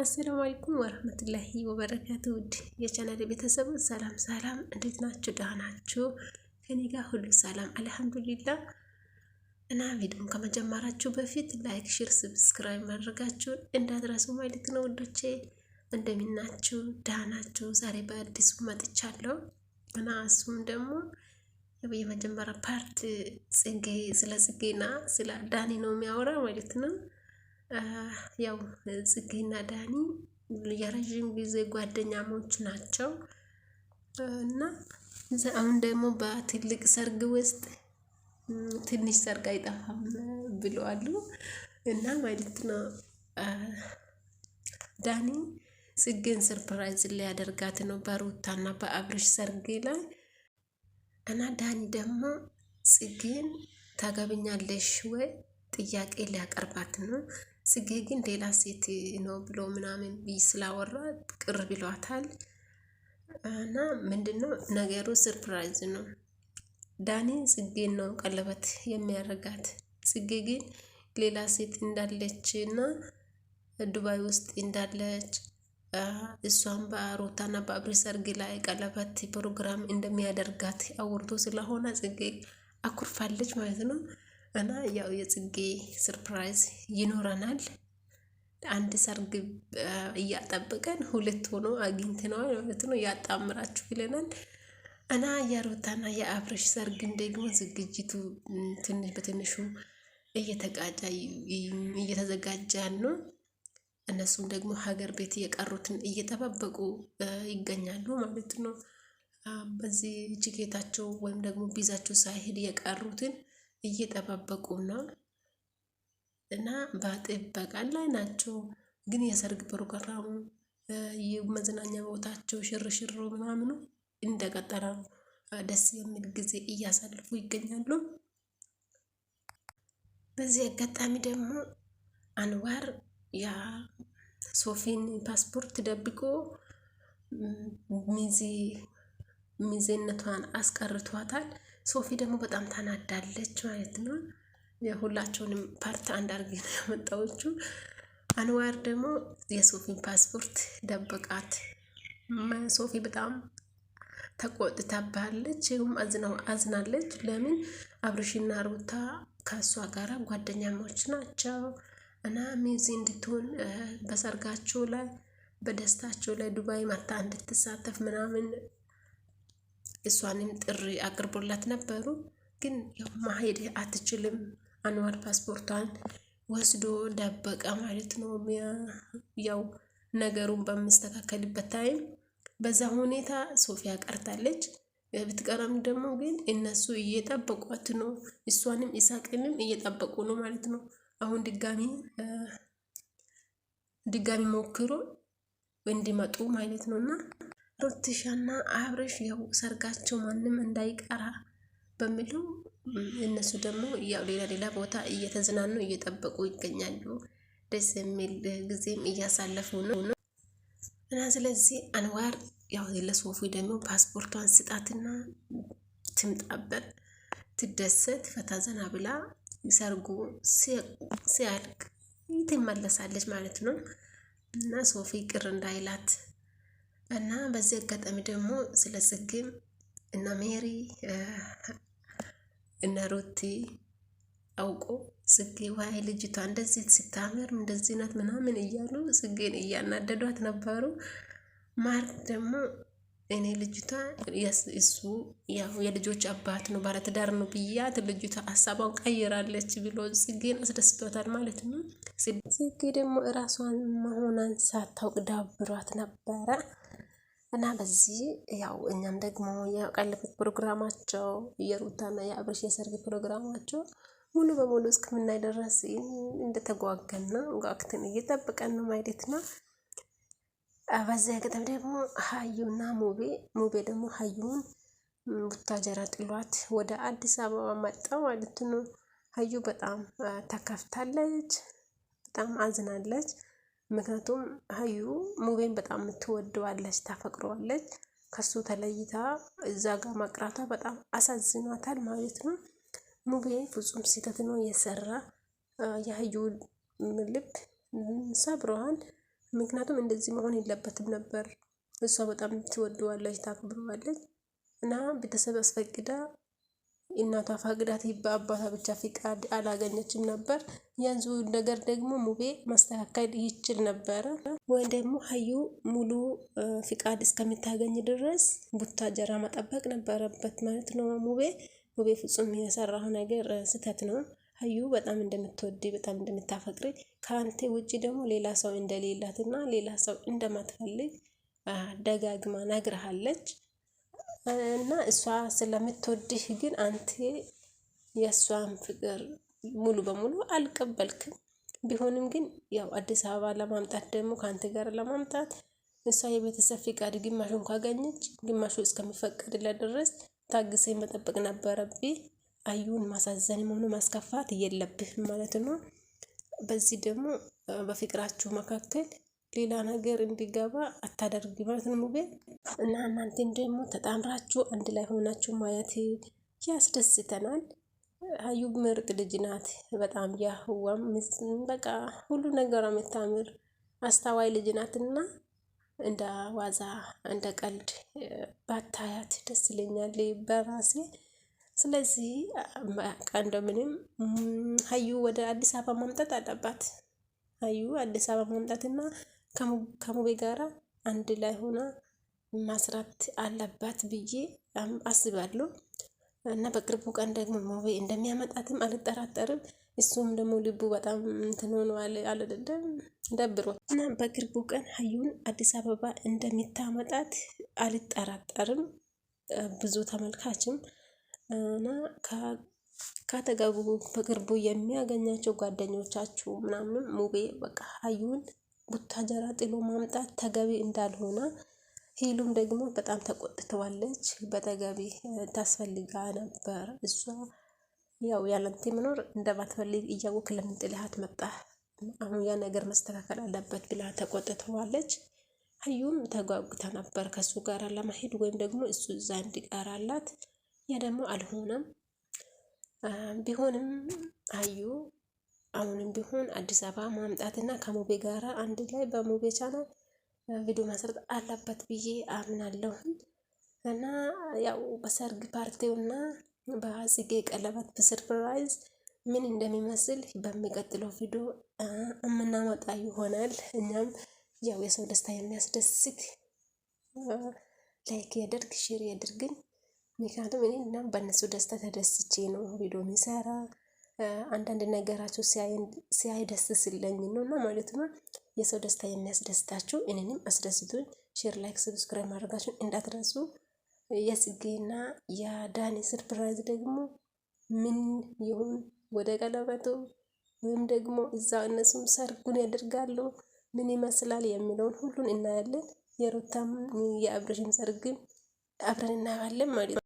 አሰላሙ አለይኩም ወረህመቱላሂ ወበረካቱ። ውድ የቻናል ቤተሰብ ሰላም ሰላም፣ እንዴት ናችሁ? ደህና ናችሁ? ከኔ ጋር ሁሉ ሰላም አልሐምዱሊላ። እና ቪዲዮን ከመጀመራችሁ በፊት ላይክ፣ ሼር፣ ሰብስክራይብ ማድረጋችሁን እንዳትረሱ ማለት ነው ውዶቼ። እንደምናችሁ ደህና ናችሁ? ዛሬ በአዲሱ መጥቻለሁ እና እሱም ደግሞ የመጀመሪያ ፓርት ጽጌ ስለ ጽጌና ስለ ዳኒ ነው የሚያወራ ማለት ነው ያው ጽጌና ዳኒ የረዥም ጊዜ ጓደኛሞች ናቸው እና አሁን ደግሞ በትልቅ ሰርግ ውስጥ ትንሽ ሰርግ አይጠፋም ብለዋሉ እና ማለት ነው ዳኒ ጽጌን ሰርፕራይዝ ሊያደርጋት ነው በሩታና በአብርሽ ሰርግ ላይ እና ዳኒ ደግሞ ጽጌን ታገብኛለሽ ወይ ጥያቄ ሊያቀርባት ነው። ጽጌ ግን ሌላ ሴት ነው ብሎ ምናምን ስላወራ ቅር ብሏታል። እና ምንድን ነው ነገሩ? ስርፕራይዝ ነው። ዳኒ ጽጌን ነው ቀለበት የሚያደርጋት። ጽጌ ግን ሌላ ሴት እንዳለች እና ዱባይ ውስጥ እንዳለች እሷን በሩታና በአብሪ ሰርግ ላይ ቀለበት ፕሮግራም እንደሚያደርጋት አውርቶ ስለሆነ ጽጌ አኩርፋለች ማለት ነው። እና ያው የጽጌ ስርፕራይዝ ይኖረናል። አንድ ሰርግ እያጠበቀን ሁለት ሆኖ አግኝተነዋል ማለት ነው። ያጣምራችሁ ይለናል። እና የሩታና የአብረሽ ሰርግን ደግሞ ዝግጅቱ ትንሽ በትንሹ እየተዘጋጃን ነው። እነሱም ደግሞ ሀገር ቤት የቀሩትን እየጠባበቁ ይገኛሉ ማለት ነው። በዚህ ችኬታቸው ወይም ደግሞ ቢዛቸው ሳይሄድ የቀሩትን እየጠባበቁ ነው እና በጥበቃ ላይ ናቸው። ግን የሰርግ ፕሮግራሙ የመዝናኛ ቦታቸው ሽርሽሩ ምናምኑ እንደቀጠለ ነው። ደስ የሚል ጊዜ እያሳልፉ ይገኛሉ። በዚህ አጋጣሚ ደግሞ አንዋር ያ ሶፊን ፓስፖርት ደብቆ ሚዜ ሚዜነቷን አስቀርቷታል። ሶፊ ደግሞ በጣም ታናዳለች ማለት ነው። የሁላቸውንም ፓርት አንድ አርጌ ነው ያመጣዎቹ። አንዋር ደግሞ የሶፊን ፓስፖርት ደብቃት። ሶፊ በጣም ተቆጥታባለች፣ ይሁም አዝናው አዝናለች። ለምን አብርሽና ሩታ ከእሷ ጋራ ጓደኛሞች ናቸው እና ሚዚ እንድትሆን በሰርጋቸው ላይ በደስታቸው ላይ ዱባይ መታ እንድትሳተፍ ምናምን እሷንም ጥሪ አቅርቦላት ነበሩ። ግን ያው ማሄድ አትችልም። አንዋር ፓስፖርቷን ወስዶ ደበቀ ማለት ነው። ያው ነገሩን በምስተካከልበት ታይም በዛ ሁኔታ ሶፊያ ቀርታለች። ብትቀረም ደግሞ ግን እነሱ እየጠበቋት ነው። እሷንም ኢሳቅንም እየጠበቁ ነው ማለት ነው። አሁን ድጋሚ ድጋሚ ሞክሮ እንዲመጡ ማለት ነው እና ሩትሻና አብረሽ ያው ሰርጋቸው ማንም እንዳይቀራ በሚሉ እነሱ ደግሞ ያው ሌላ ሌላ ቦታ እየተዝናኑ እየጠበቁ ይገኛሉ። ደስ የሚል ጊዜም እያሳለፉ ነው እና ስለዚህ አንዋር ያው ለሶፊ ደግሞ ፓስፖርቷን ስጣትና ትምጣበት ትደሰት፣ ፈታ ዘና ብላ ሰርጉ ሲያልቅ ትመለሳለች ማለት ነው እና ሶፊ ቅር እንዳይላት እና በዚህ አጋጣሚ ደግሞ ስለ ጽጌም እና ሜሪ እና ሮቲ አውቆ ጽጌ ዋይ ልጅቷ እንደዚህ ስታምር እንደዚህ ናት ምናምን እያሉ ጽጌን እያናደዷት ነበሩ። ማርክ ደግሞ እኔ ልጅቷ እሱ ያው የልጆች አባት ነው ባለትዳር ነው ብያት ልጅቷ ሀሳቧን ቀይራለች ብሎ ጽጌን አስደስቶታል ማለት ነው። ጽጌ ደግሞ እራሷን መሆኗን ሳታውቅ ዳብሯት ነበረ። እና በዚህ ያው እኛም ደግሞ ያቀለበት ፕሮግራማቸው የሩታና የአብርሽ የሰርግ ፕሮግራማቸው ሙሉ በሙሉ እስከምናይ ድረስ እንደተጓገና ጓግትን እየጠበቀን ነው ማለት ነው። በዚያ ገጠም ደግሞ ሀዩና ሙቤ ሙቤ ደግሞ ሀዩን ቡታጀራ ጥሏት ወደ አዲስ አበባ መጣ ማለት ነው። ሀዩ በጣም ተከፍታለች፣ በጣም አዝናለች። ምክንያቱም ሀዩ ሙቤን በጣም የምትወደዋለች፣ ታፈቅረዋለች። ከሱ ተለይታ እዛ ጋር መቅራቷ በጣም አሳዝኗታል ማለት ነው። ሙቤ ፍጹም ስህተት ነው የሰራ የሀዩ ልብ ሰብረዋል። ምክንያቱም እንደዚህ መሆን የለበትም ነበር። እሷ በጣም ትወደዋለች፣ ታክብረዋለች እና ቤተሰብ አስፈቅዳ እናቷ ፈቅዳት በአባቷ ብቻ ፍቃድ አላገኘችም ነበር። ያንዙ ነገር ደግሞ ሙቤ ማስተካከል ይችል ነበረ። ወይም ደግሞ ሀዩ ሙሉ ፍቃድ እስከምታገኝ ድረስ ቡታጀራ መጠበቅ ነበረበት ማለት ነው። ሙቤ ሙቤ ፍጹም የሰራው ነገር ስህተት ነው። ሀዩ በጣም እንደምትወድ በጣም እንደምታፈቅሪ ከአንተ ውጭ ደግሞ ሌላ ሰው እንደሌላትና ሌላ ሰው እንደማትፈልግ ደጋግማ ነግረሃለች። እና እሷ ስለምትወድህ ግን አንተ የእሷን ፍቅር ሙሉ በሙሉ አልቀበልክም። ቢሆንም ግን ያው አዲስ አበባ ለማምጣት ደግሞ ከአንተ ጋር ለማምጣት እሷ የቤተሰብ ፍቃድ ግማሹን ካገኘች ግማሹ እስከሚፈቀድለት ድረስ ታግሰ መጠበቅ ነበረብህ። አዩን ማሳዘን መሆኑ ማስከፋት የለብህም ማለት ነው። በዚህ ደግሞ በፍቅራችሁ መካከል ሌላ ነገር እንዲገባ አታደርግ ማለት ነው ሙቤ እና እናንተን ደግሞ ተጣምራችሁ አንድ ላይ ሆናችሁ ማየት ያስደስተናል። ሀዩ ምርጥ ልጅ ናት። በጣም ያህዋም በቃ ሁሉ ነገሯ የምታምር አስታዋይ ልጅ ናት እና እንደ ዋዛ እንደ ቀልድ ባታያት ደስ ይለኛል በራሴ። ስለዚህ በቃ እንደምንም ሀዩ ወደ አዲስ አበባ ማምጣት አለባት። ሀዩ አዲስ አበባ ማምጣትና ከሙቤ ጋራ አንድ ላይ ሆና ማስራት አለባት ብዬ አስባለሁ እና በቅርቡ ቀን ደግሞ ሙቤ እንደሚያመጣትም አልጠራጠርም። እሱም ደግሞ ልቡ በጣም እንትን ሆኗል አልደለም ደብሯል እና በቅርቡ ቀን ሀዩን አዲስ አበባ እንደሚታመጣት አልጠራጠርም። ብዙ ተመልካችም እና ከተጋቡ በቅርቡ የሚያገኛቸው ጓደኞቻችሁ ምናምን ሙቤ በቃ ሀዩን ቡታጀራ ጥሎ ማምጣት ተገቢ እንዳልሆነ ሄሉም ደግሞ በጣም ተቆጥተዋለች። በተገቢ ታስፈልጋ ነበር እሷ ያው ያለንቲ መኖር እንደማትፈልግ እያወቅ ለምን ጥልሃት መጣ? አሁን ያ ነገር መስተካከል አለበት ብላ ተቆጥተዋለች። ሀዩም ተጓጉታ ነበር ከሱ ጋር ለመሄድ ወይም ደግሞ እሱ እዛ እንዲቀራላት ያ ደግሞ አልሆነም። ቢሆንም ሀዩ አሁንም ቢሆን አዲስ አበባ ማምጣትና ከሙቤ ጋር አንድ ላይ በሙቤ ቻናል ቪዲዮ መስራት አለበት ብዬ አምናለሁ እና ያው በሰርግ ፓርቲውና በጽጌ ቀለበት በሰርፕራይዝ ምን እንደሚመስል በሚቀጥለው ቪዲዮ እምናመጣ ይሆናል። እኛም ያው የሰው ደስታ የሚያስደስት ላይክ ያደርግ ሼር ያደርግን። ምክንያቱም እኔ እናም በእነሱ ደስታ ተደስቼ ነው ቪዲዮ የሚሰራ አንዳንድ ነገራቸው ሲያይ ደስ ሲለኝ ነው እና ማለት ነው። የሰው ደስታ የሚያስደስታችሁ እኔንም አስደስቱኝ። ሼር፣ ላይክ፣ ሰብስክራይብ ማድረጋችሁን እንዳትረሱ። የጽጌና የዳኒ ስርፕራይዝ ደግሞ ምን ይሁን ወደ ቀለበቱ ወይም ደግሞ እዛ እነሱም ሰርጉን ያደርጋሉ ምን ይመስላል የሚለውን ሁሉን እናያለን። የሩታም የአብረሽን ሰርግም አብረን እናያለን ማለት ነው።